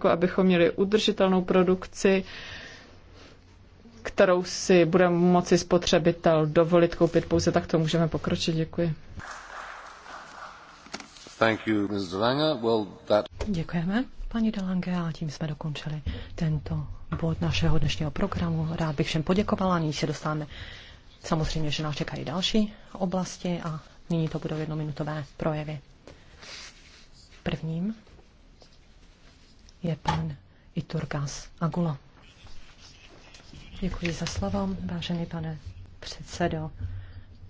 jako abychom měli udržitelnou produkci, kterou si bude moci spotřebitel dovolit koupit pouze, tak to můžeme pokročit. Děkuji. Thank you, Ms. Well, that... Děkujeme, paní Delange, a tím jsme dokončili tento bod našeho dnešního programu. Rád bych všem poděkovala, nyní se dostáváme. Samozřejmě, že nás čekají další oblasti a nyní to budou jednominutové projevy. Prvním je pan Iturgas Agula. Děkuji za slovo, vážený pane předsedo,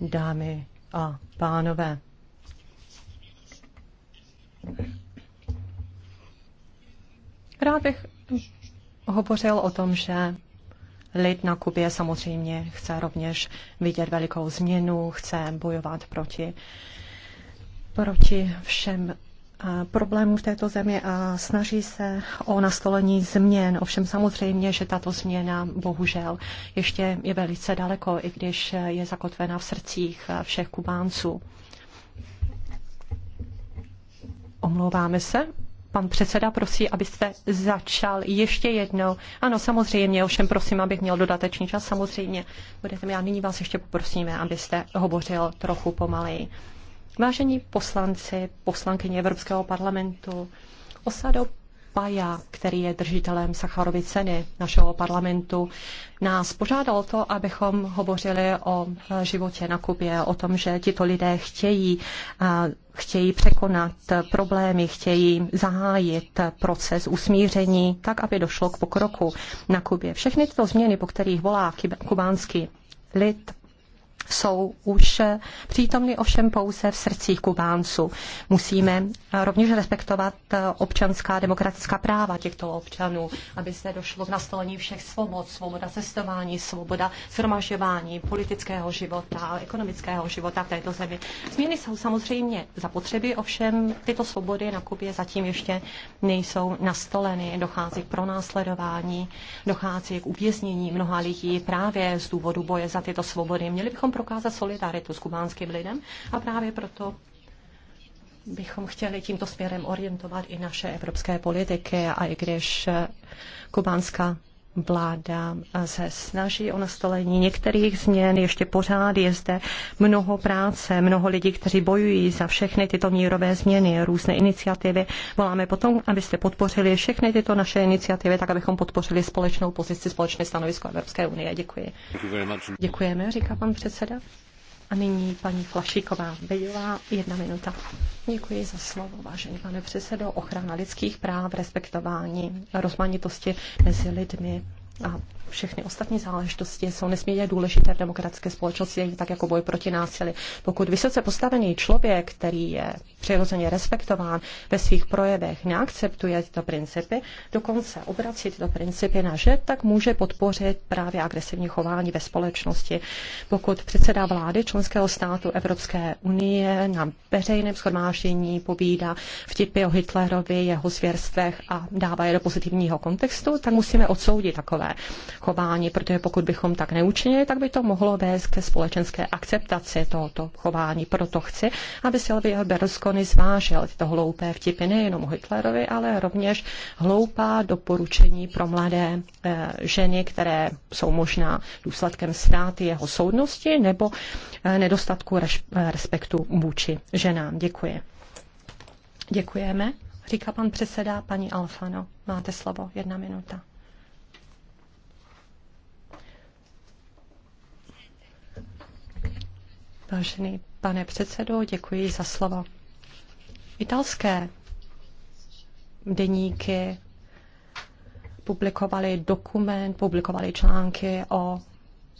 dámy a pánové. Rád bych hovořil o tom, že lid na Kubě samozřejmě chce rovněž vidět velikou změnu, chce bojovat proti, proti všem problémů v této zemi a snaží se o nastolení změn. Ovšem samozřejmě, že tato změna bohužel ještě je velice daleko, i když je zakotvena v srdcích všech Kubánců. Omlouváme se. Pan předseda prosí, abyste začal ještě jednou. Ano, samozřejmě, ovšem prosím, abych měl dodatečný čas. Samozřejmě, budete mi, a nyní vás ještě poprosíme, abyste hovořil trochu pomaleji. Vážení poslanci, poslankyně Evropského parlamentu, Osado Paja, který je držitelem Sacharovy ceny našeho parlamentu, nás požádal to, abychom hovořili o eh, životě na Kubě, o tom, že tito lidé chtějí, eh, chtějí překonat problémy, chtějí zahájit proces usmíření, tak, aby došlo k pokroku na Kubě. Všechny tyto změny, po kterých volá kubánský lid, jsou už eh, přítomny ovšem pouze v srdcích Kubánců. Musíme eh, rovněž respektovat eh, občanská demokratická práva těchto občanů, aby se došlo k nastolení všech svobod, svoboda cestování, svoboda shromažďování, politického života, ekonomického života v této zemi. Změny jsou samozřejmě zapotřeby, ovšem tyto svobody na Kubě zatím ještě nejsou nastoleny. Dochází k pronásledování, dochází k uvěznění mnoha lidí právě z důvodu boje za tyto svobody. Měli bychom bychom prokázat solidaritu s kubánským lidem a právě proto bychom chtěli tímto směrem orientovat i naše evropské politiky a i když kubánská Vláda se snaží o nastolení některých změn, ještě pořád je zde mnoho práce, mnoho lidí, kteří bojují za všechny tyto mírové změny, různé iniciativy. Voláme potom, abyste podpořili všechny tyto naše iniciativy, tak abychom podpořili společnou pozici, společné stanovisko Evropské unie. Děkuji. Děkujeme, říká pan předseda. A nyní paní Flašíková Bejová, jedna minuta. Děkuji za slovo, vážený pane předsedo. Ochrana lidských práv, respektování rozmanitosti mezi lidmi a všechny ostatní záležitosti jsou nesmírně důležité v demokratické společnosti, tak jako boj proti násilí. Pokud vysoce postavený člověk, který je přirozeně respektován ve svých projevech, neakceptuje tyto principy, dokonce obrací tyto principy na že, tak může podpořit právě agresivní chování ve společnosti. Pokud předseda vlády členského státu Evropské unie na veřejném schromáždění povídá vtipy o Hitlerovi, jeho svěrstvech a dává je do pozitivního kontextu, tak musíme odsoudit takové chování, protože pokud bychom tak neučinili, tak by to mohlo vést ke společenské akceptaci tohoto chování. Proto chci, aby Silvio Berlusconi zvážil tyto hloupé vtipy nejenom Hitlerovi, ale rovněž hloupá doporučení pro mladé e, ženy, které jsou možná důsledkem ztráty jeho soudnosti nebo e, nedostatku reš, eh, respektu vůči ženám. Děkuji. Děkujeme, říká pan předseda, paní Alfano. Máte slovo, jedna minuta. Vážený pane předsedo, děkuji za slovo. Italské deníky publikovali dokument, publikovali články o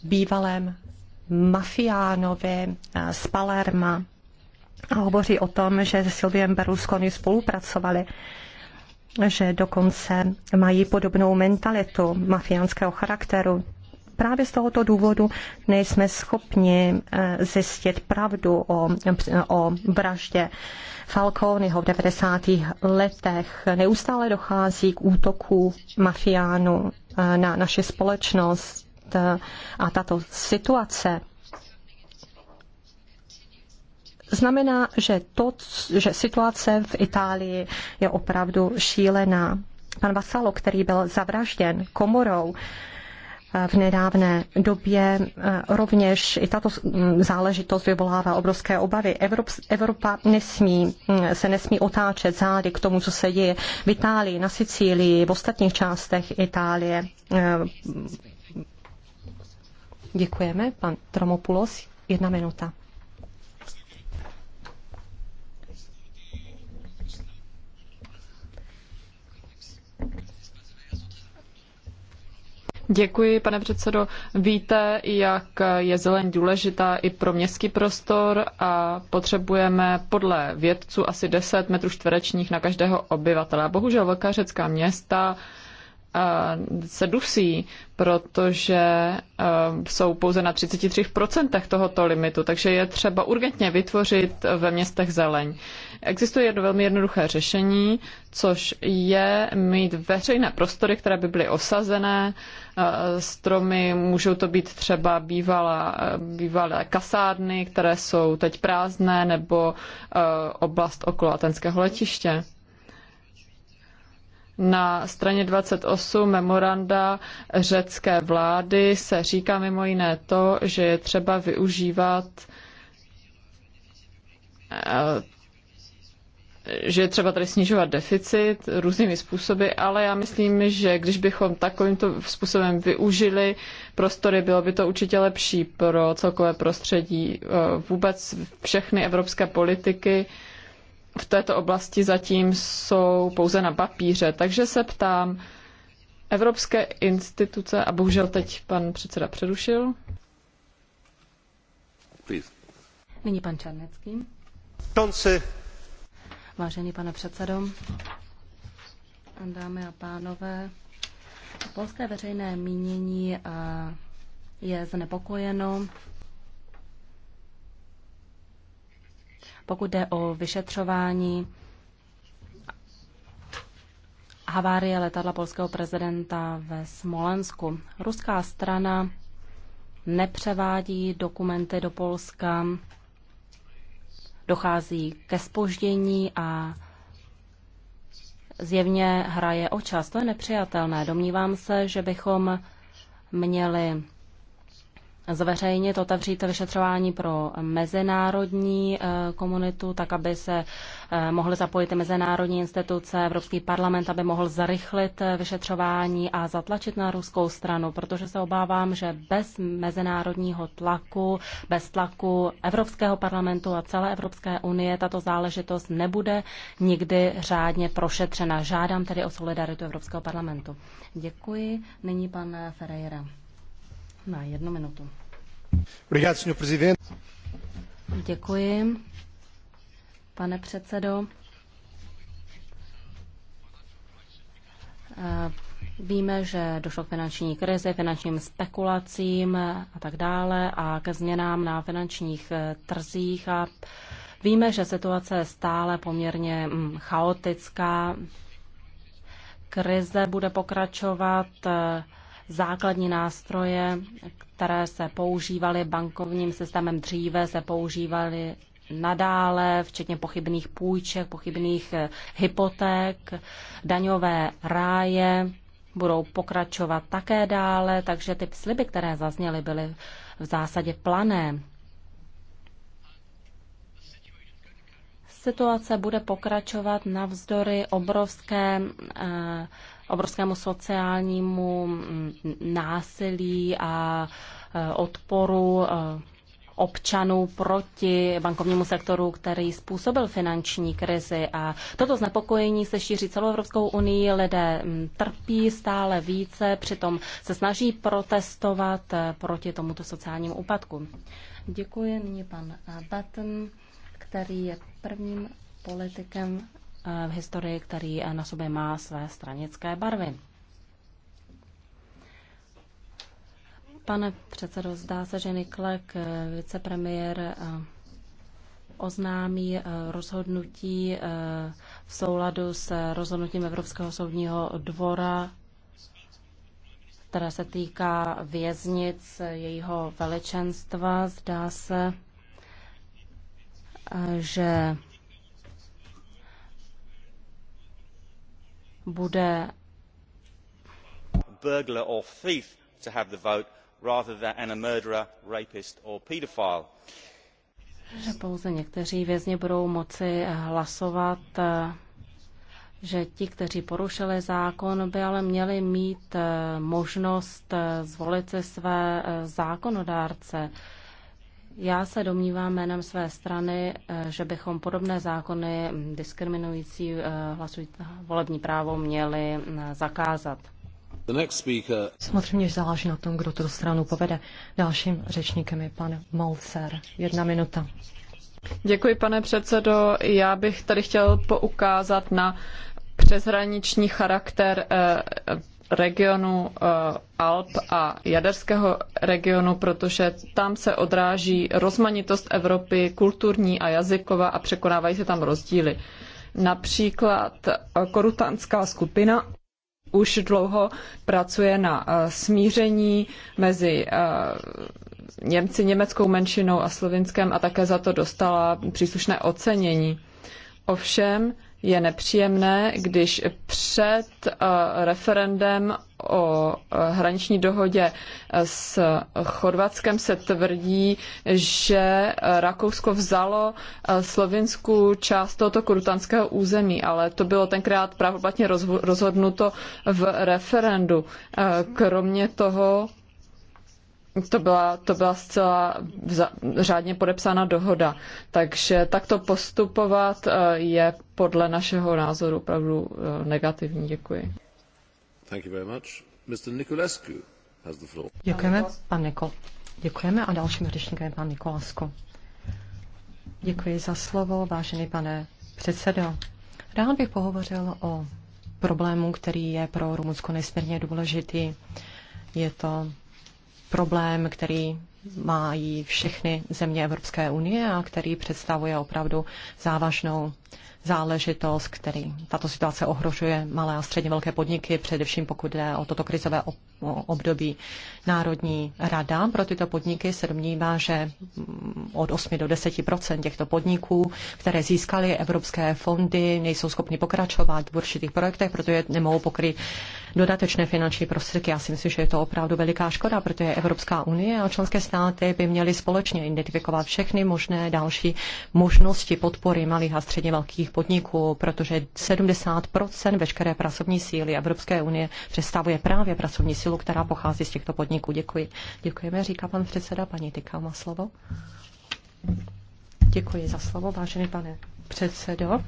bývalém mafiánovi eh, z Palerma a hovoří o tom, že se Silviem Berlusconi spolupracovali že dokonce mají podobnou mentalitu mafiánského charakteru právě z tohoto důvodu nejsme schopni eh, zjistit pravdu o, o vraždě Falcónyho v 90. letech. Neustále dochází k útoku mafiánů eh, na naši společnost eh, a tato situace znamená, že, to, že situace v Itálii je opravdu šílená. Pan Vasalo, který byl zavražděn komorou, v nedávné době. Eh, rovněž i tato záležitost vyvolává obrovské obavy. Evropa nesmí, mm, se nesmí otáčet zády k tomu, co se děje v Itálii, na Sicílii, v ostatních částech Itálie. Eh, Děkujeme. Pan Tromopulos, jedna minuta. Děkuji, pane předsedo. Víte, jak je zeleň důležitá i pro městský prostor a potřebujeme podle vědců asi 10 metrů čtverečních na každého obyvatele. Bohužel velká řecká města se dusí, protože jsou pouze na 33% tohoto limitu, takže je třeba urgentně vytvořit ve městech zeleň. Existuje jedno velmi jednoduché řešení, což je mít veřejné prostory, které by byly osazené, stromy, můžou to být třeba bývalá, bývalé kasárny, které jsou teď prázdné, nebo oblast okolo Atenského letiště. Na straně 28 memoranda řecké vlády se říká mimo jiné to, že je třeba využívat eh, že je třeba tady snižovat deficit různými způsoby, ale já myslím, že když bychom takovýmto způsobem využili prostory, bylo by to určitě lepší pro celkové prostředí. Eh, vůbec všechny evropské politiky v této oblasti zatím jsou pouze na papíře. Takže se ptám, evropské instituce, a bohužel teď pan předseda přerušil. Please. Nyní pan Čarnecký. Tonci. Vážený pane předsedo, dámy a pánové, polské veřejné mínění eh, je znepokojeno pokud jde o vyšetřování havárie letadla polského prezidenta ve Smolensku. Ruská strana nepřevádí dokumenty do Polska, dochází ke spoždění a zjevně hraje o čas. To je nepřijatelné. Domnívám se, že bychom měli zveřejnit, otevřít vyšetřování pro mezinárodní eh, komunitu, tak aby se eh, mohly zapojit mezinárodní instituce, Evropský parlament, aby mohl zrychlit eh, vyšetřování a zatlačit na ruskou stranu, protože se obávám, že bez mezinárodního tlaku, bez tlaku Evropského parlamentu a celé Evropské unie tato záležitost nebude nikdy řádně prošetřena. Žádám tedy o solidaritu Evropského parlamentu. Děkuji. Nyní pan Ferreira na jednu minutu. Děkuji, pane předsedo. Eh, víme, že došlo k finanční krizi, finančním spekulacím a tak dále a ke změnám na finančních eh, trzích a víme, že situace je stále poměrně mm, chaotická. Krize bude pokračovat eh, základní nástroje, které se používaly bankovním systémem dříve, se používaly nadále, včetně pochybných půjček, pochybných eh, hypoték, daňové ráje budou pokračovat také dále, takže ty sliby, které zazněly, byly v zásadě plané. Situace bude pokračovat navzdory obrovské eh, obrovskému sociálnímu mm, násilí a eh, odporu eh, občanů proti bankovnímu sektoru, který způsobil finanční krizi. A toto znepokojení se šíří celou Evropskou unii, lidé mm, trpí stále více, přitom se snaží protestovat eh, proti tomuto sociálnímu úpadku. Děkuji nyní pan Batten, který je prvním politikem Eh, v historii, který eh, na sobě má své stranické barvy. Pane předsedo, zdá se, že Niklek, eh, vicepremiér, oznámí rozhodnutí v souladu s rozhodnutím Evropského soudního dvora, které se týká věznic jejího veličenstva. Zdá se, že bude burglar or thief to have the vote rather than a murderer, rapist or paedophile. Že pouze někteří vězni budou moci hlasovat, že ti, kteří porušili zákon, by ale měli mít možnost zvolit si své zákonodárce. Já se domnívám jménem své strany, eh, že bychom podobné zákony diskriminující eh, hlasující volební právo měli mm, zakázat. Samozřejmě, že záleží na tom, kdo tu stranu povede. Dalším řečníkem je pan Molcer. Jedna minuta. Děkuji, pane předsedo. Já bych tady chtěl poukázat na přeshraniční charakter eh, regionu eh, Alp a jaderského regionu, protože tam se odráží rozmanitost Evropy, kulturní a jazyková a překonávají se tam rozdíly. Například eh, Korutanská skupina už dlouho pracuje na eh, smíření mezi Němci, německou menšinou a slovinskem a také za to dostala příslušné ocenění. Ovšem, je nepříjemné, když před eh, referendem o eh, hraniční dohodě eh, s Chorvatskem se tvrdí, že Rakousko vzalo Slovinsku část tohoto krutanského území, ale to bylo tenkrát právoplatně rozhodnuto v referendu. Kromě toho to byla, to byla zcela vza, řádně podepsána dohoda. Takže takto postupovat eh, je podle našeho názoru opravdu eh, negativní. Děkuji. Thank you very much. Mr. has the floor. Děkujeme, pan Nikol. Děkujeme a dalším řečníkem je pan Nikolasku. Děkuji za slovo, vážený pane předsedo. Rád bych pohovořil o problému, který je pro Rumunsko nesmírně důležitý. Je to problém, který mají všechny země Evropské unie a který představuje opravdu závažnou záležitost, který tato situace ohrožuje malé a středně velké podniky, především pokud jde o toto krizové období. Národní rada pro tyto podniky se domnívá, že od 8 do 10 těchto podniků, které získaly evropské fondy, nejsou schopni pokračovat v určitých projektech, protože nemohou pokryt dodatečné finanční prostředky. Já si myslím, že je to opravdu veliká škoda, protože Evropská unie a členské státy by měly společně identifikovat všechny možné další možnosti podpory malých a středně velkých podniků, protože 70 veškeré pracovní síly Evropské unie představuje právě pracovní sílu, která pochází z těchto podniků. Děkuji. Děkujeme, říká pan předseda. Paní Tyka má slovo. Děkuji za slovo, vážený pane předsedo.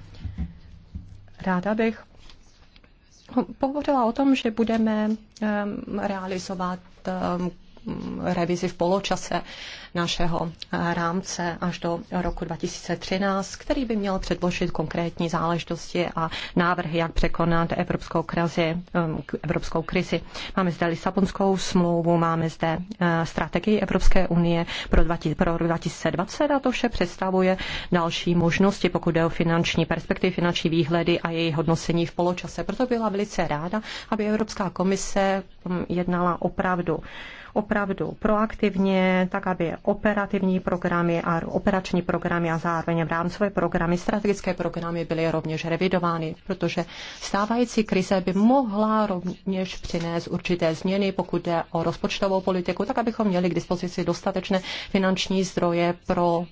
Ráda bych pohovořila o tom, že budeme ehm, realizovat ehm, revizi v poločase našeho eh, rámce až do roku 2013, který by měl předložit konkrétní záležitosti a návrhy, jak překonat evropskou krizi. Eh, evropskou krizi. Máme zde Lisabonskou smlouvu, máme zde eh, strategii Evropské unie pro, 20, pro rok 2020 a to vše představuje další možnosti, pokud jde o finanční perspektivy, finanční výhledy a její hodnocení v poločase. Proto byla velice ráda, aby Evropská komise mm, jednala opravdu opravdu proaktivně, tak aby operativní programy a operační programy a zároveň v rámcové programy, strategické programy byly rovněž revidovány, protože stávající krize by mohla rovněž přinést určité změny, pokud jde o rozpočtovou politiku, tak abychom měli k dispozici dostatečné finanční zdroje pro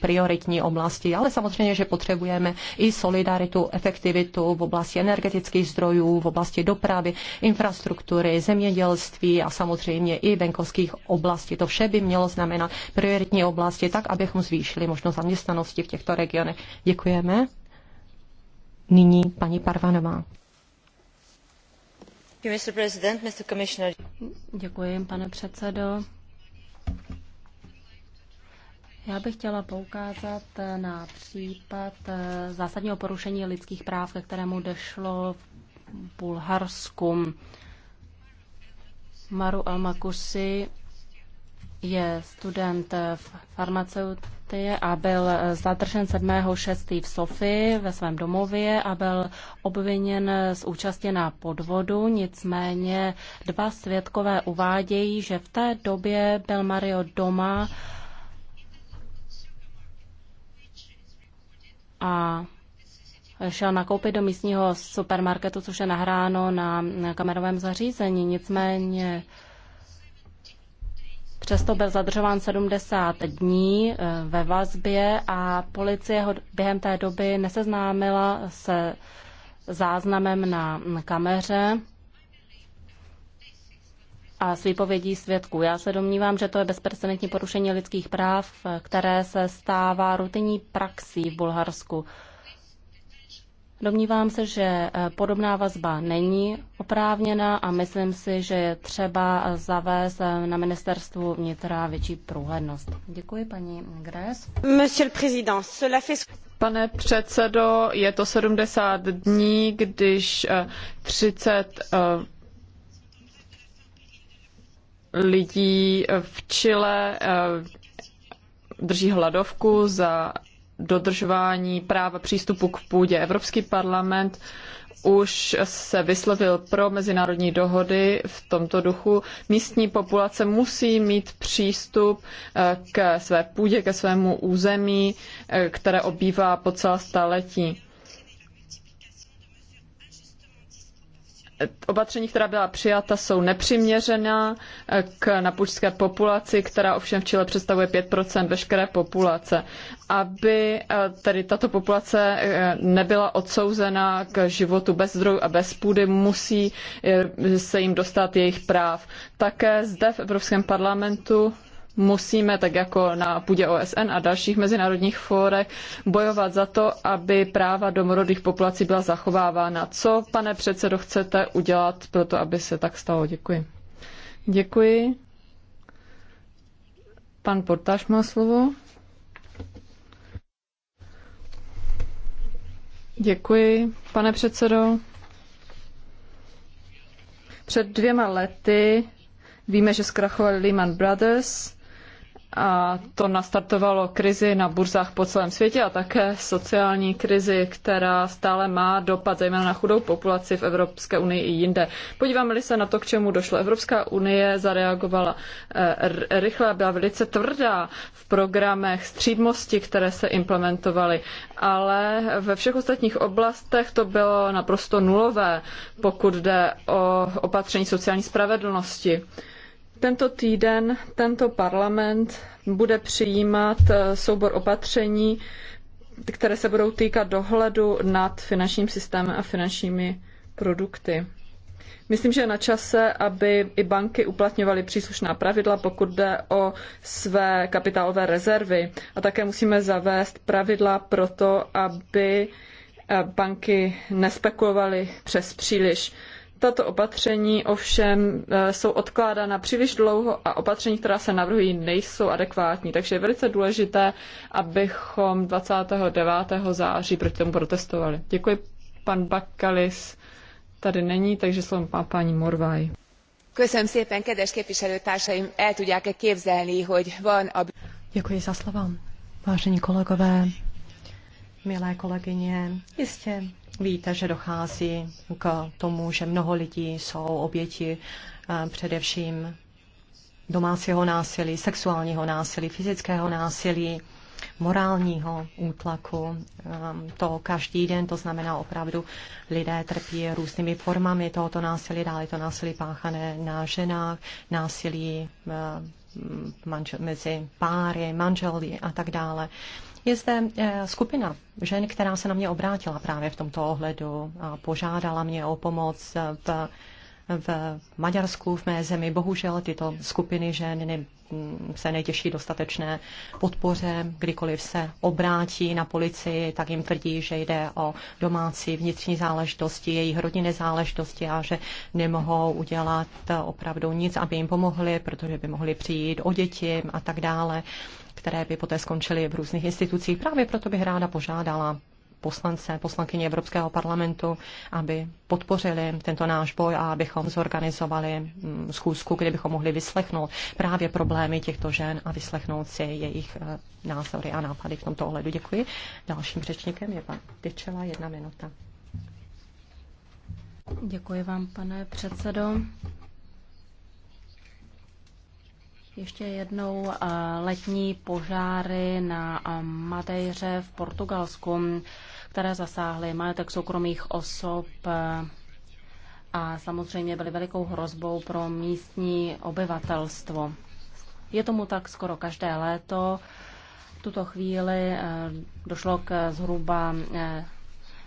prioritní oblasti, ale samozřejmě, že potřebujeme i solidaritu, efektivitu v oblasti energetických zdrojů, v oblasti dopravy, infrastruktury, zemědělství a samozřejmě i venkovských oblastí. To vše by mělo znamenat prioritní oblasti, tak abychom zvýšili možnost zaměstnanosti v těchto regionech. Děkujeme. Nyní paní Parvanová. Děkuji, pane předsedo, já bych chtěla poukázat na případ eh, zásadního porušení lidských práv, ke kterému došlo v Bulharsku. Maru Almakusi je student v farmaceutie a byl eh, zadržen 7.6. v Sofii ve svém domově a byl obviněn z účasti na podvodu. Nicméně dva svědkové uvádějí, že v té době byl Mario doma a šel nakoupit do místního supermarketu, což je nahráno na kamerovém zařízení. Nicméně Přesto byl zadržován 70 dní eh, ve vazbě a policie ho během té doby neseznámila se záznamem na kameře a s výpovědí svědků. Já se domnívám, že to je bezprecedentní porušení lidských práv, které se stává rutinní praxí v Bulharsku. Domnívám se, že eh, podobná vazba není oprávněná a myslím si, že je třeba zavést eh, na ministerstvu vnitra větší průhlednost. Děkuji, paní Gres. Monsieur le président, cela fait... Pane předsedo, je to 70 dní, když 30 eh, lidí v Chile eh, drží hladovku za dodržování práva přístupu k půdě. Evropský parlament už se vyslovil pro mezinárodní dohody v tomto duchu. Místní populace musí mít přístup eh, ke své půdě, ke svému území, eh, které obývá po celá staletí. opatření, která byla přijata, jsou nepřiměřená eh, k napučské populaci, která ovšem v Chile představuje 5% veškeré populace. Aby eh, tedy tato populace eh, nebyla odsouzena k životu bez zdrojů a bez půdy, musí se jim dostat jejich práv. Také zde v Evropském parlamentu musíme, tak jako na půdě OSN a dalších mezinárodních fórech, bojovat za to, aby práva domorodých populací byla zachovávána. Co, pane předsedo, chcete udělat pro to, aby se tak stalo? Děkuji. Děkuji. Pan Portáš má slovo. Děkuji, pane předsedo. Před dvěma lety víme, že zkrachovali Lehman Brothers a to nastartovalo krizi na burzách po celém světě a také sociální krizi, která stále má dopad zejména na chudou populaci v Evropské unii i jinde. Podíváme-li se na to, k čemu došlo. Evropská unie zareagovala eh, rychle a byla velice tvrdá v programech střídmosti, které se implementovaly, ale ve všech ostatních oblastech to bylo naprosto nulové, pokud jde o opatření sociální spravedlnosti. Tento týden tento parlament bude přijímat eh, soubor opatření, které se budou týkat dohledu nad finančním systémem a finančními produkty. Myslím, že je na čase, aby i banky uplatňovaly příslušná pravidla, pokud jde o své kapitálové rezervy. A také musíme zavést pravidla pro to, aby eh, banky nespekulovaly přes příliš. Tato opatření ovšem e, jsou odkládána příliš dlouho a opatření, která se navrhují, nejsou adekvátní. Takže je velice důležité, abychom 29. září proti tomu protestovali. Děkuji, pan Bakalis tady není, takže slovo má paní Morvaj. Köszönöm szépen, kedves képviselőtársaim, el tudják-e képzelni, hogy van a... Děkuji za slovo. Vážení kolegové, milé kolegyně, jistě Víte, že dochází k tomu, že mnoho lidí jsou oběti eh, především domácího násilí, sexuálního násilí, fyzického násilí, morálního útlaku. Ehm, to každý den, to znamená opravdu, lidé trpí různými formami tohoto násilí, dále to násilí páchané na ženách, násilí eh, mezi páry, manželi a tak dále. Je zde eh, skupina žen, která se na mě obrátila právě v tomto ohledu a požádala mě o pomoc v, v Maďarsku, v mé zemi. Bohužel tyto skupiny žen ne, mm, se netěší dostatečné podpoře. Kdykoliv se obrátí na policii, tak jim tvrdí, že jde o domácí vnitřní záležitosti, jejich rodinné záležitosti a že nemohou udělat opravdu nic, aby jim pomohli, protože by mohli přijít o děti a tak dále které by poté skončily v různých institucích. Právě proto bych ráda požádala poslance, poslankyně Evropského parlamentu, aby podpořili tento náš boj a abychom zorganizovali mm, schůzku, kde bychom mohli vyslechnout právě problémy těchto žen a vyslechnout si jejich eh, názory a nápady v tomto ohledu. Děkuji. Dalším řečníkem je pan Pěčela, jedna minuta. Děkuji vám, pane předsedo. Ještě jednou eh, letní požáry na eh, Madejře v Portugalsku, které zasáhly majetek soukromých osob eh, a samozřejmě byly velikou hrozbou pro místní obyvatelstvo. Je tomu tak skoro každé léto. V tuto chvíli došlo k zhruba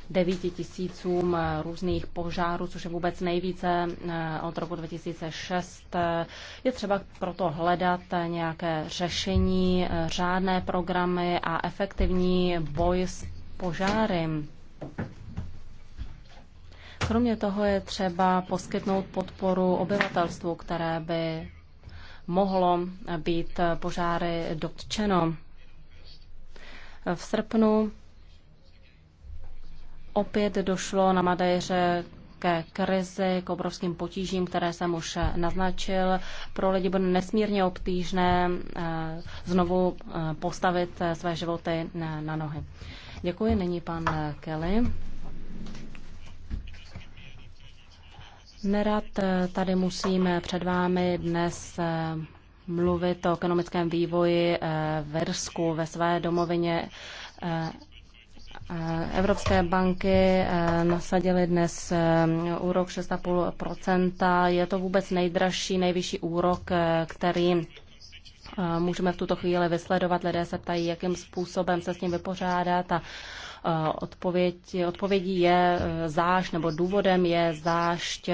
devíti tisícům eh, různých požárů, což je vůbec nejvíce eh, od roku 2006. Eh, je třeba proto hledat nějaké řešení, řádné programy a efektivní boj s požáry. Kromě toho je třeba poskytnout podporu obyvatelstvu, které by mohlo být požáry dotčeno. V srpnu Opět došlo na Madejře ke krizi, k obrovským potížím, které jsem už naznačil. Pro lidi bude nesmírně obtížné eh, znovu eh, postavit eh, své životy na nohy. Děkuji, nyní pan Kelly. Nerad tady musíme před vámi dnes mluvit o ekonomickém vývoji v Irsku, ve své domovině Evropské banky eh, nasadily dnes eh, úrok 6,5%. Je to vůbec nejdražší, nejvyšší úrok, eh, který můžeme v tuto chvíli vysledovat. Lidé se ptají, jakým způsobem se s ním vypořádat a odpověď, odpovědí je zášť, nebo důvodem je zášť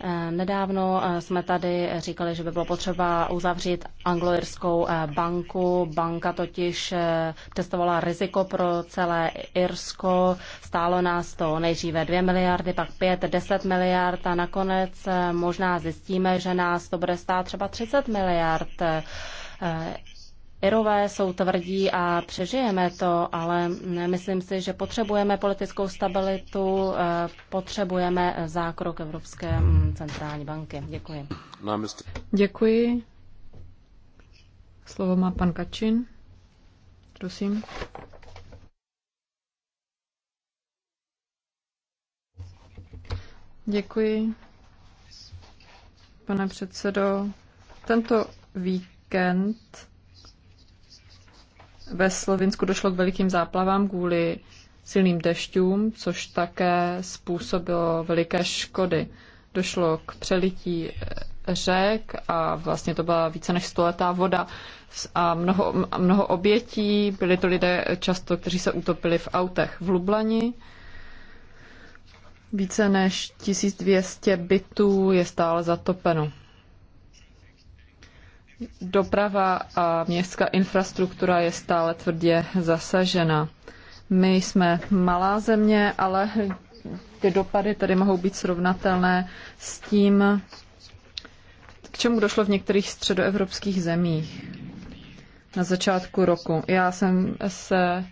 Eh, nedávno eh, jsme tady říkali, že by bylo potřeba uzavřít angloirskou eh, banku. Banka totiž testovala riziko pro celé Irsko. Stálo nás to nejdříve 2 miliardy, pak 5, 10 miliard a nakonec možná zjistíme, že nás to bude stát třeba 30 miliard. Irové jsou tvrdí a přežijeme to, ale myslím si, že potřebujeme politickou stabilitu, eh, potřebujeme zákrok Evropské mm, centrální banky. Děkuji. No, Děkuji. Slovo má pan Kačin. Prosím. Děkuji, pane předsedo. Tento víkend ve Slovinsku došlo k velikým záplavám kvůli silným dešťům, což také způsobilo veliké škody. Došlo k přelití eh, řek a vlastně to byla více než stoletá voda a mnoho, a mnoho obětí. Byli to lidé často, kteří se utopili v autech v Lublani. Více než 1200 bytů je stále zatopeno. Doprava a městská infrastruktura je stále tvrdě zasažena. My jsme malá země, ale ty dopady tady mohou být srovnatelné s tím, k čemu došlo v některých středoevropských zemích na začátku roku. Já jsem se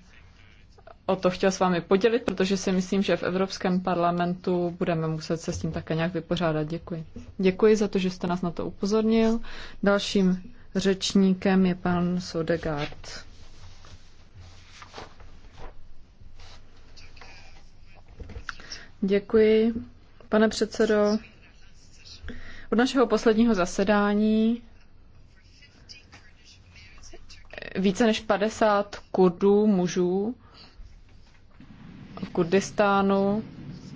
o to chtěl s vámi podělit, protože si myslím, že v Evropském parlamentu budeme muset se s tím také nějak vypořádat. Děkuji. Děkuji za to, že jste nás na to upozornil. Dalším řečníkem je pan Sodegard. Děkuji, pane předsedo. Od našeho posledního zasedání více než 50 kurdů mužů v Kurdistánu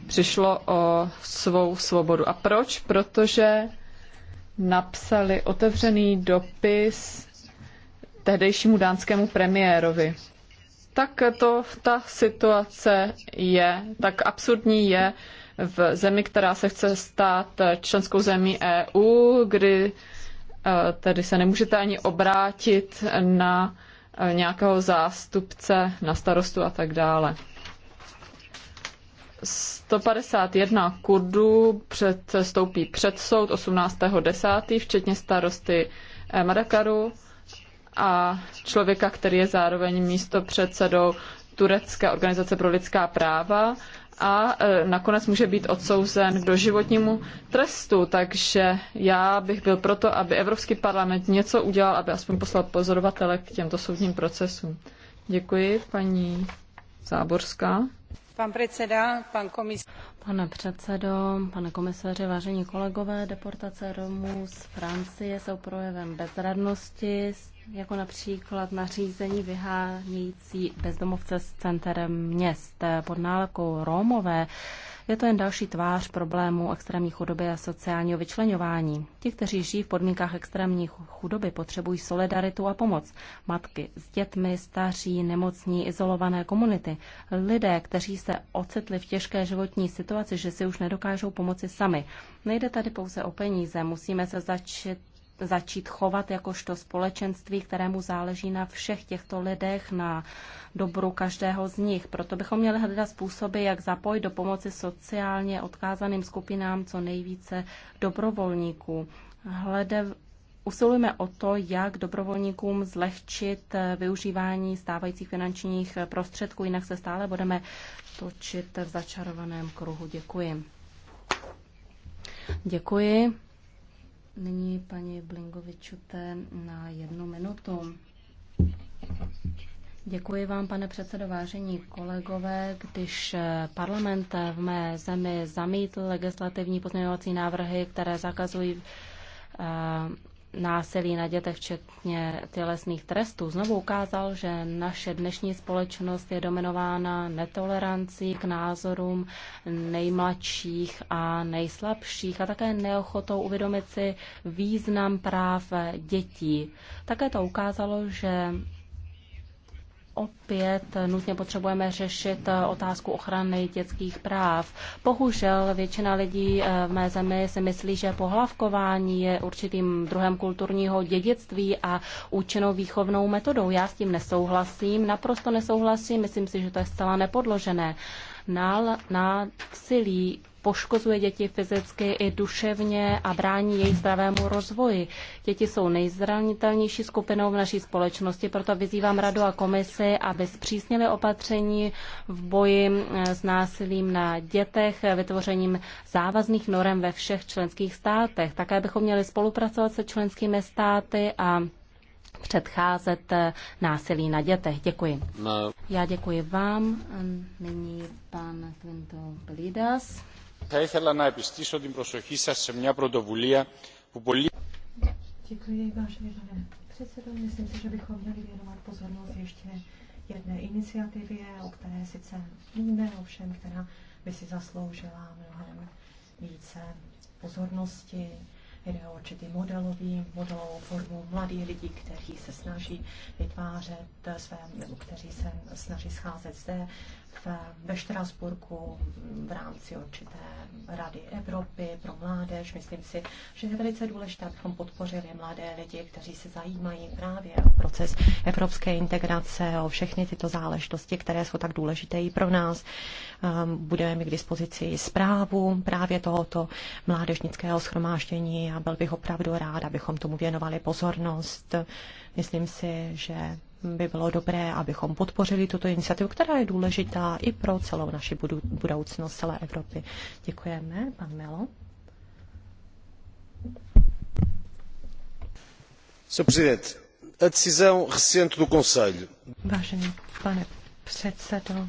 přišlo o svou svobodu. A proč? Protože napsali otevřený dopis tehdejšímu dánskému premiérovi. Tak to ta situace je, tak absurdní je v zemi, která se chce stát členskou zemí EU, kdy eh, tedy se nemůžete ani obrátit na eh, nějakého zástupce, na starostu a tak dále. 151 Kurdů před, stoupí před soud 18.10., včetně starosty eh, Madakaru a člověka, který je zároveň místo předsedou Turecké organizace pro lidská práva a eh, nakonec může být odsouzen k doživotnímu trestu. Takže já bych byl proto, aby Evropský parlament něco udělal, aby aspoň poslal pozorovatele k těmto soudním procesům. Děkuji, paní Záborská. Pan předseda, Pane předsedo, pane komisaři, vážení kolegové, deportace Romů z Francie jsou projevem bezradnosti, jako například nařízení vyhánějící bezdomovce z centrem měst. Pod nálepkou Romové je to jen další tvář problému extrémní chudoby a sociálního vyčlenování. Ti, kteří žijí v podmínkách extrémní chudoby, potřebují solidaritu a pomoc. Matky s dětmi, staří, nemocní, izolované komunity. Lidé, kteří se ocitli v těžké životní situaci, že si už nedokážou pomoci sami. Nejde tady pouze o peníze, musíme se začít začít chovat jakožto společenství, kterému záleží na všech těchto lidech, na dobru každého z nich. Proto bychom měli hledat způsoby, jak zapojit do pomoci sociálně odkázaným skupinám co nejvíce dobrovolníků. Hlede, usilujeme o to, jak dobrovolníkům zlehčit eh, využívání stávajících finančních eh, prostředků, jinak se stále budeme točit v začarovaném kruhu. Děkuji. Děkuji. Nyní paní Blingovičute na jednu minutu. Děkuji vám, pane předsedo, vážení kolegové. Když parlament v mé zemi zamítl legislativní pozměňovací návrhy, které zakazují eh, násilí na dětech, včetně tělesných trestů, znovu ukázal, že naše dnešní společnost je dominována netolerancí k názorům nejmladších a nejslabších a také neochotou uvědomit si význam práv dětí. Také to ukázalo, že opět nutně potřebujeme řešit eh, otázku ochrany dětských práv. Bohužel většina lidí eh, v mé zemi si myslí, že pohlavkování je určitým druhem kulturního dědictví a účinnou výchovnou metodou. Já s tím nesouhlasím, naprosto nesouhlasím, myslím si, že to je zcela nepodložené. násilí poškozuje děti fyzicky i duševně a brání jejich zdravému rozvoji. Děti jsou nejzranitelnější skupinou v naší společnosti, proto vyzývám radu a komisi, aby zpřísnili opatření v boji eh, s násilím na dětech, vytvořením závazných norem ve všech členských státech. Také bychom měli spolupracovat se členskými státy a předcházet eh, násilí na dětech. Děkuji. No. Já děkuji vám. Nyní pan Quinto Blidas. Θα ήθελα να επιστήσω την προσοχή σας σε μια πρωτοβουλία που πολύ... že bychom měli věnovat jedné iniciativě, o které sice víme, ovšem, která by si zasloužila mnohem více pozornosti. Jde o určitý modelový, modelovou formu mladých lidí, kteří se snaží vytvářet své, nebo kteří se snaží scházet zde v, ve Štrasburku v rámci určité Rady Evropy pro mládež. Myslím si, že je velice důležité, abychom podpořili mladé lidi, kteří se zajímají právě o proces evropské integrace, o všechny tyto záležitosti, které jsou tak důležité i pro nás. Ehm, budeme mít k dispozici zprávu právě tohoto mládežnického schromáždění a byl bych opravdu rád, abychom tomu věnovali pozornost. Myslím si, že by bylo dobré, abychom podpořili tuto iniciativu, která je důležitá i pro celou naši budoucnost celé Evropy. Děkujeme, pan Melo. Sr. Presidente, a decisão recente do Conselho. Vážený pane předsedo,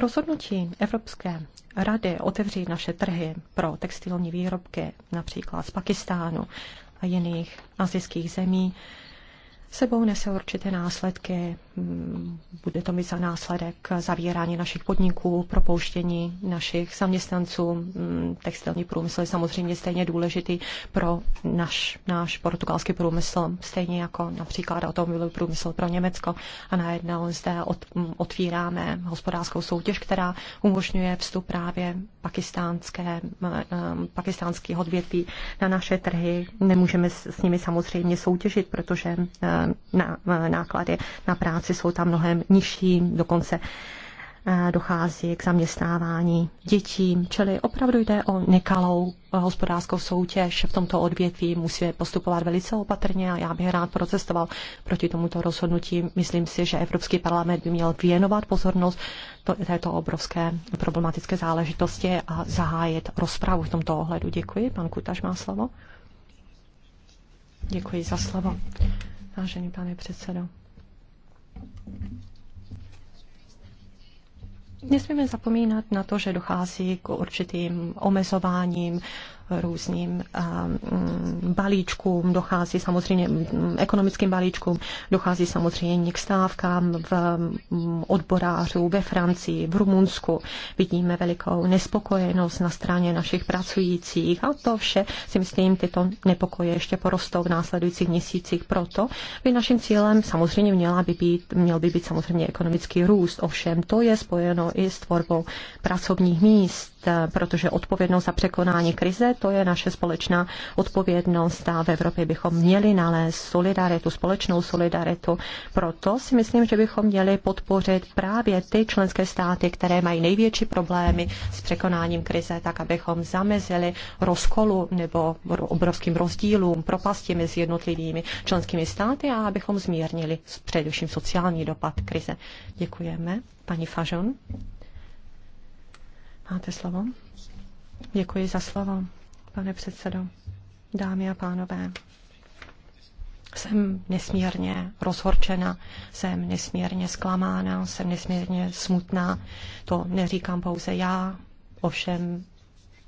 Rozhodnutí Evropské rady otevřít naše trhy pro textilní výrobky, například z Pakistánu, jiných azijských zemí sebou nese určité následky. Mm, bude to mít za následek zavírání našich podniků, propouštění našich zaměstnanců. Mm, textilní průmysl je samozřejmě stejně důležitý pro naš, náš portugalský průmysl, stejně jako například automobilový průmysl pro Německo. A najednou zde od, mm, otvíráme hospodářskou soutěž, která umožňuje vstup právě pakistánské, pakistánských odvětví na naše trhy. Nemůžeme s nimi samozřejmě soutěžit, protože náklady na práci jsou tam mnohem nižší, dokonce eh, dochází k zaměstnávání dětí, čili opravdu jde o nekalou eh, hospodářskou soutěž v tomto odvětví. musí postupovat velice opatrně a já bych rád procestoval proti tomuto rozhodnutí. Myslím si, že Evropský parlament by měl věnovat pozornost této obrovské problematické záležitosti a zahájit rozpravu v tomto ohledu. Děkuji. Pan Kutaš má slovo. Děkuji za slovo vážený pane předsedo. Nesmíme zapomínat na to, že dochází k určitým omezováním různým mm, balíčkům, dochází samozřejmě mm, ekonomickým balíčkům, dochází samozřejmě k stávkám v mm, odborářů ve Francii, v Rumunsku. Vidíme velikou nespokojenost na straně našich pracujících a to vše si myslím, tyto nepokoje ještě porostou v následujících měsících. Proto by naším cílem samozřejmě měla by být, měl by být samozřejmě ekonomický růst. Ovšem to je spojeno i s tvorbou pracovních míst, protože odpovědnost za překonání krize to je naše společná odpovědnost a v Evropě bychom měli nalézt solidaritu, společnou solidaritu. Proto si myslím, že bychom měli podpořit právě ty členské státy, které mají největší problémy s překonáním krize, tak abychom zamezili rozkolu nebo obrovským rozdílům, propasti mezi jednotlivými členskými státy a abychom zmírnili především sociální dopad krize. Děkujeme. Paní Fažon. Máte slovo? Děkuji za slovo pane předsedo. Dámy a pánové, jsem nesmírně rozhorčena, jsem nesmírně zklamána, jsem nesmírně smutná. To neříkám pouze já, ovšem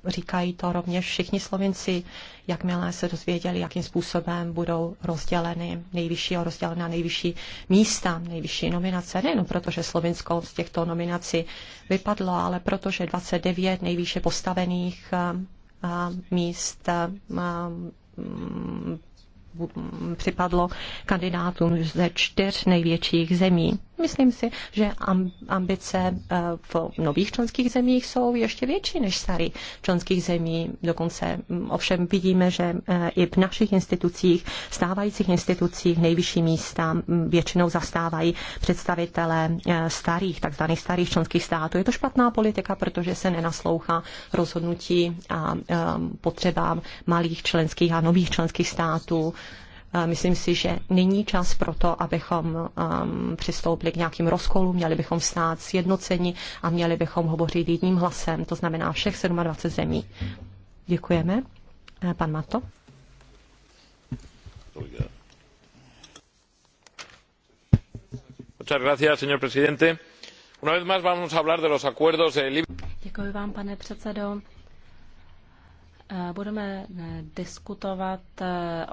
říkají to rovněž všichni Slovenci, jakmile se dozvěděli, jakým způsobem budou rozděleny nejvyšší a rozdělena nejvyšší místa, nejvyšší nominace. Nejenom proto, že Slovensko z těchto nominací vypadlo, ale protože 29 nejvýše postavených míst mm, připadlo kandidátům ze čtyř největších zemí. Myslím si, že ambice eh, v nových členských zemích jsou ještě větší než starých členských zemí. Dokonce mm, ovšem vidíme, že eh, i v našich institucích, stávajících institucích, nejvyšší místa mm, většinou zastávají představitelé eh, starých, takzvaných starých členských států. Je to špatná politika, protože se nenaslouchá rozhodnutí a potřebám malých členských a nových členských států. Myslím si, že není čas pro to, abychom um, přistoupili k nějakým rozkolům, měli bychom stát sjednoceni a měli bychom hovořit jedním hlasem, to znamená všech 27 zemí. Děkujeme. Eh, pan Mato. Děkuji vám, pane předsedo. Eh, budeme eh, diskutovat eh,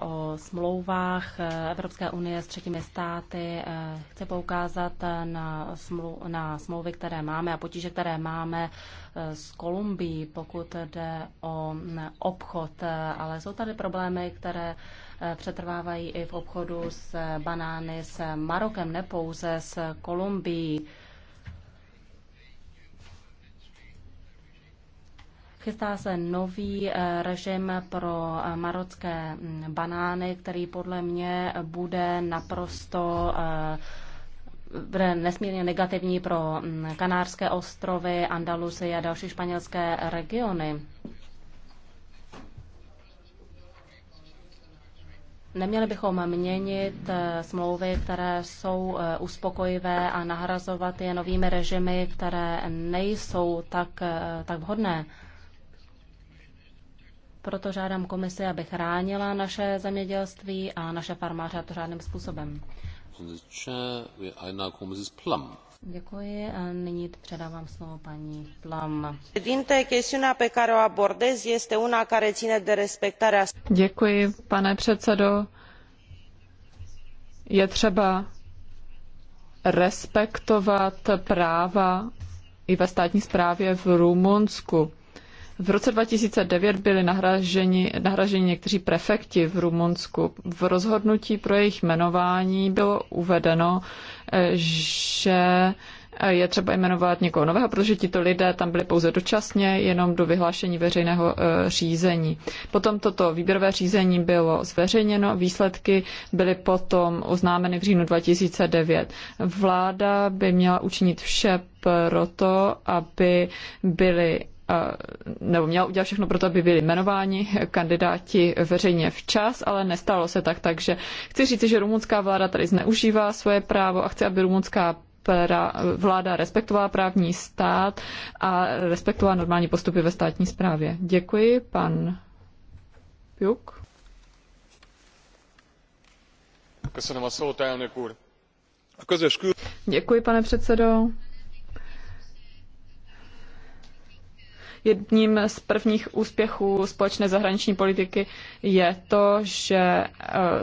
o smlouvách Evropské unie s třetími státy. Chci poukázat na, smlu- na smlouvy, které máme a potíže, které máme s Kolumbií, pokud jde o mm, obchod. Ale jsou tady problémy, které přetrvávají i v obchodu s banány s Marokem, nepouze s Kolumbií. Chystá se nový eh, režim pro eh, marocké mm, banány, který podle mě bude naprosto eh, bude nesmírně negativní pro mm, Kanárské ostrovy, Andalusy a další španělské regiony. Neměli bychom měnit smlouvy, které jsou uspokojivé a nahrazovat je novými režimy, které nejsou tak, tak vhodné. Proto žádám komisi, aby chránila naše zemědělství a naše farmáře to žádným způsobem. Děkuji a nyní předávám slovo paní Plam. Děkuji, pane předsedo. Je třeba respektovat práva i ve státní správě v Rumunsku. V roce 2009 byli nahraženi, nahraženi někteří prefekti v Rumunsku. V rozhodnutí pro jejich jmenování bylo uvedeno, eh, že eh, je třeba jmenovat někoho nového, protože tito lidé tam byli pouze dočasně, jenom do vyhlášení veřejného eh, řízení. Potom toto výběrové řízení bylo zveřejněno, výsledky byly potom oznámeny v říjnu 2009. Vláda by měla učinit vše proto, aby byly Eh, nebo měl udělat všechno pro to, aby byli jmenováni kandidáti veřejně včas, ale nestalo se tak, takže chci říct, že rumunská vláda tady zneužívá svoje právo a chci, aby rumunská vláda respektovala právní stát a respektovala normální postupy ve státní správě. Děkuji, pan Piuk. Děkuji, pane předsedo. Jedním z prvních úspěchů společné zahraniční politiky je to, že eh,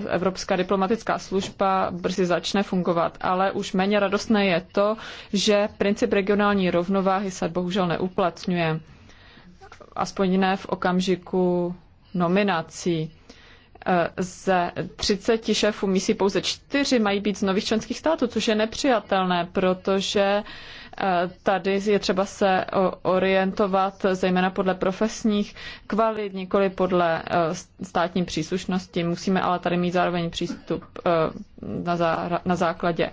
Evropská diplomatická služba brzy začne fungovat, ale už méně radostné je to, že princip regionální rovnováhy se bohužel neuplatňuje. Aspoň ne v okamžiku nominací eh, ze 30 šéfů misí pouze čtyři mají být z nových členských států, což je nepřijatelné, protože Eh, tady je třeba se orientovat zejména podle profesních kvalit, nikoli podle eh, státní příslušnosti. Musíme ale tady mít zároveň přístup eh, na, zá, na základě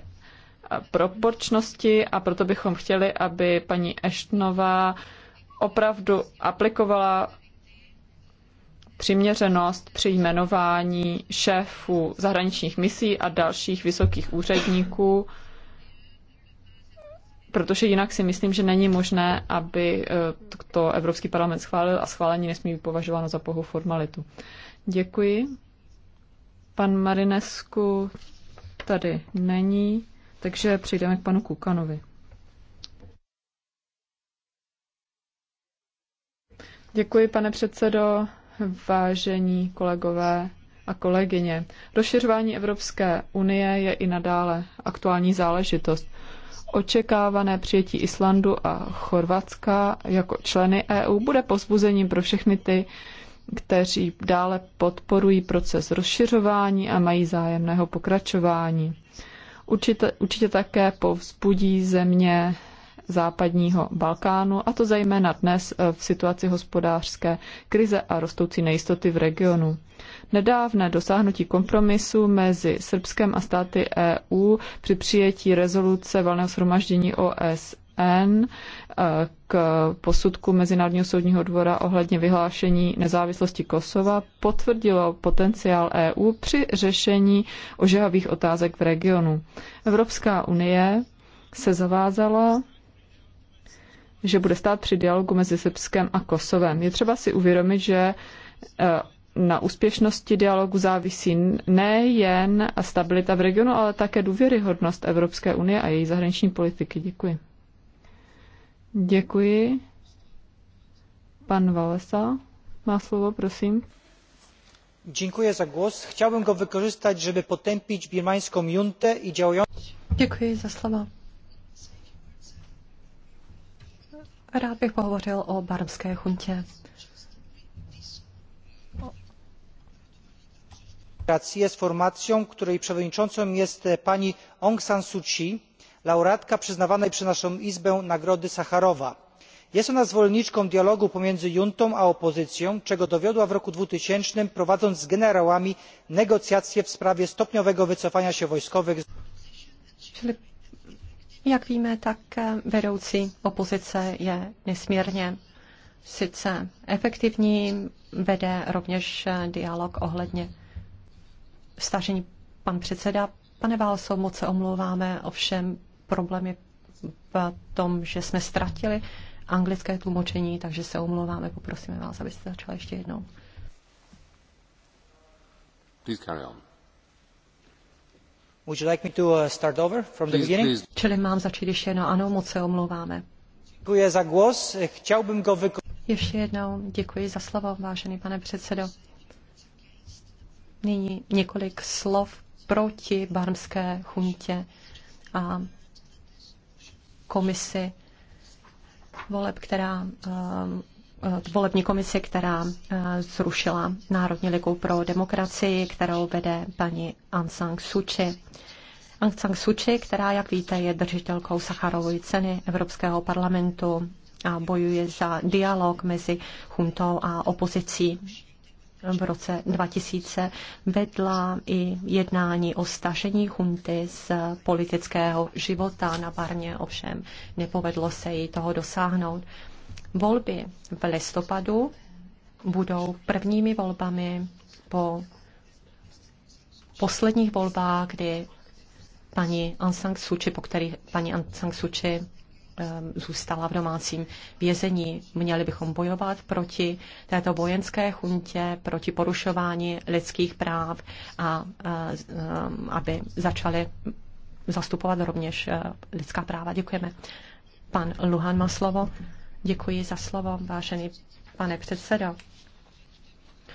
proporčnosti a proto bychom chtěli, aby paní Eštnová opravdu aplikovala přiměřenost při jmenování šéfů zahraničních misí a dalších vysokých úředníků protože jinak si myslím, že není možné, aby eh, to Evropský parlament schválil a schválení nesmí být považováno za pohou formalitu. Děkuji. Pan Marinesku tady není, takže přejdeme k panu Kukanovi. Děkuji, pane předsedo, vážení kolegové a kolegyně. Rozšiřování Evropské unie je i nadále aktuální záležitost očekávané přijetí Islandu a Chorvatska jako členy EU bude pozbuzením pro všechny ty, kteří dále podporují proces rozšiřování a mají zájemného pokračování. Určitě, určitě také povzbudí země západního Balkánu, a to zejména dnes v situaci hospodářské krize a rostoucí nejistoty v regionu. Nedávné dosáhnutí kompromisu mezi Srbskem a státy EU při přijetí rezoluce valného shromaždění OSN eh, k posudku Mezinárodního soudního dvora ohledně vyhlášení nezávislosti Kosova potvrdilo potenciál EU při řešení ožehavých otázek v regionu. Evropská unie se zavázala že bude stát při dialogu mezi Srbskem a Kosovem. Je třeba si uvědomit, že eh, na úspěšnosti dialogu závisí nejen stabilita v regionu, ale také důvěryhodnost Evropské unie a její zahraniční politiky. Děkuji. Děkuji. Pan Valesa má slovo, prosím. Děkuji za głos. Chciałbym go wykorzystać, żeby potępić birmańską juntę i działającą... Děkuji za slovo. Rád bych pohovořil o barmské chuntě z formacją której przewodniczącą jest e, pani aung san suu kyi laureatka przyznawanej przez naszą izbę nagrody sacharowa. jest ona zwolenniczką dialogu pomiędzy juntą a opozycją czego dowiodła w roku dwa tysiące prowadząc z generałami negocjacje w sprawie stopniowego wycofania się wojskowych. jak víme tak e, veroucí opozice je nesmírně sice efektivní vede rovněž e, dialog ohledně Staření pan předseda, pane Válso, moc se omlouváme, ovšem problém je v tom, že jsme ztratili anglické tlumočení, takže se omlouváme, poprosíme vás, abyste začali ještě jednou. Please carry on. Would you like me to uh, start over from the beginning? Please. Čili mám začít ještě jednou, ano, moc se omlouváme. Děkuji za głos, chtěl bych go vykonat. Ještě jednou děkuji za slovo, vážený pane předsedo. Nyní několik slov proti barmské chuntě a komisi voleb, která eh, volební komisi, která eh, zrušila Národní ligu pro demokracii, kterou vede paní Aung San Suu Kyi. Aung San Suu Kyi, která, jak víte, je držitelkou Sacharovy ceny Evropského parlamentu a bojuje za dialog mezi chuntou a opozicí v roce 2000 vedla i jednání o stažení chunty z politického života na Barně, ovšem nepovedlo se jí toho dosáhnout. Volby v listopadu budou prvními volbami po posledních volbách, kdy paní Aung San Suu Kyi, po kterých paní Aung San Suu Kyi Ehm, zůstala v domácím vězení. Měli bychom bojovat proti této vojenské chuntě, proti porušování lidských práv a ehm, aby začaly zastupovat rovněž eh, lidská práva. Děkujeme. Pan Luhan má slovo. Děkuji za slovo, vážený pane předsedo.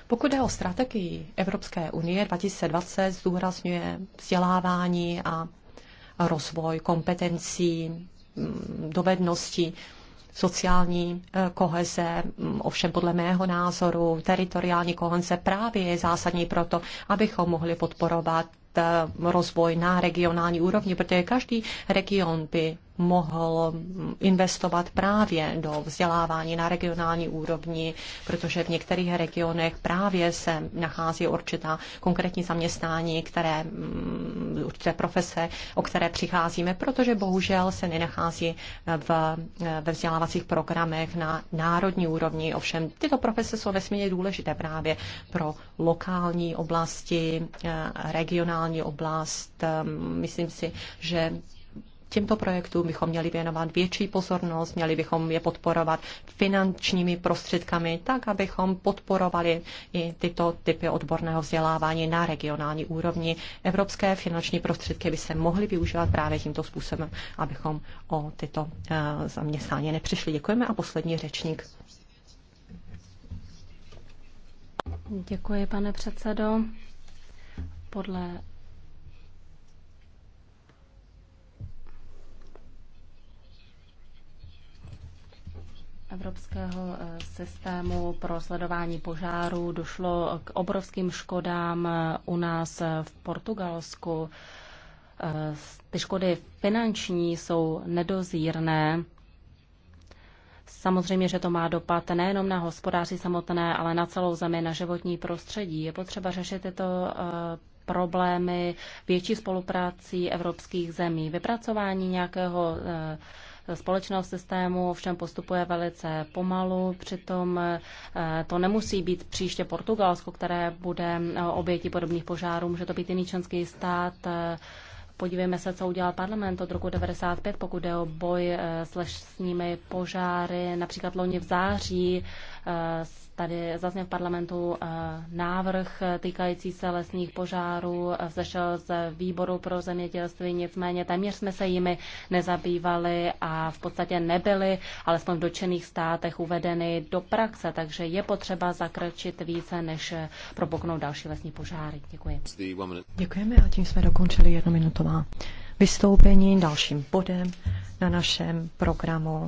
Pokud je o strategii Evropské unie 2020, zdůrazňuje vzdělávání a rozvoj kompetencí Mm, dovednosti, sociální eh, koheze, mm, ovšem podle mého názoru teritoriální koheze právě je zásadní proto, abychom mohli podporovat eh, rozvoj na regionální úrovni, protože každý region by mohl investovat právě do vzdělávání na regionální úrovni, protože v některých regionech právě se nachází určitá konkrétní zaměstnání, které, mm, určité profese, o které přicházíme, protože bohužel se nenachází v, ve vzdělávacích programech na národní úrovni. Ovšem tyto profese jsou nesmírně důležité právě pro lokální oblasti, eh, regionální oblast. Ehm, myslím si, že těmto projektům bychom měli věnovat větší pozornost, měli bychom je podporovat finančními prostředkami, tak abychom podporovali i tyto typy odborného vzdělávání na regionální úrovni. Evropské finanční prostředky by se mohly využívat právě tímto způsobem, abychom o tyto eh, zaměstnání nepřišli. Děkujeme a poslední řečník. Děkuji, pane předsedo. Podle evropského eh, systému pro sledování požáru došlo k obrovským škodám eh, u nás eh, v Portugalsku. Ty škody finanční jsou nedozírné. Samozřejmě, že to má dopad nejenom na hospodáři samotné, ale na celou zemi, na životní prostředí. Je potřeba řešit tyto problémy větší spoluprácí evropských zemí. Vypracování nějakého společného systému všem postupuje velice pomalu, přitom eh, to nemusí být příště Portugalsko, které bude eh, oběti podobných požárů, může to být jiný členský stát, eh, Podívejme se, co udělal parlament od roku 1995, pokud jde o boj s lesními požáry. Například loni v září Tady zazněl v parlamentu eh, návrh týkající se lesních požárů, vzešel z výboru pro zemědělství, nicméně téměř jsme se jimi nezabývali a v podstatě nebyly, alespoň v dočených státech, uvedeny do praxe, takže je potřeba zakrčit více, než propuknou další lesní požáry. Děkuji. Děkujeme a tím jsme dokončili jednominutová vystoupení dalším bodem na našem programu.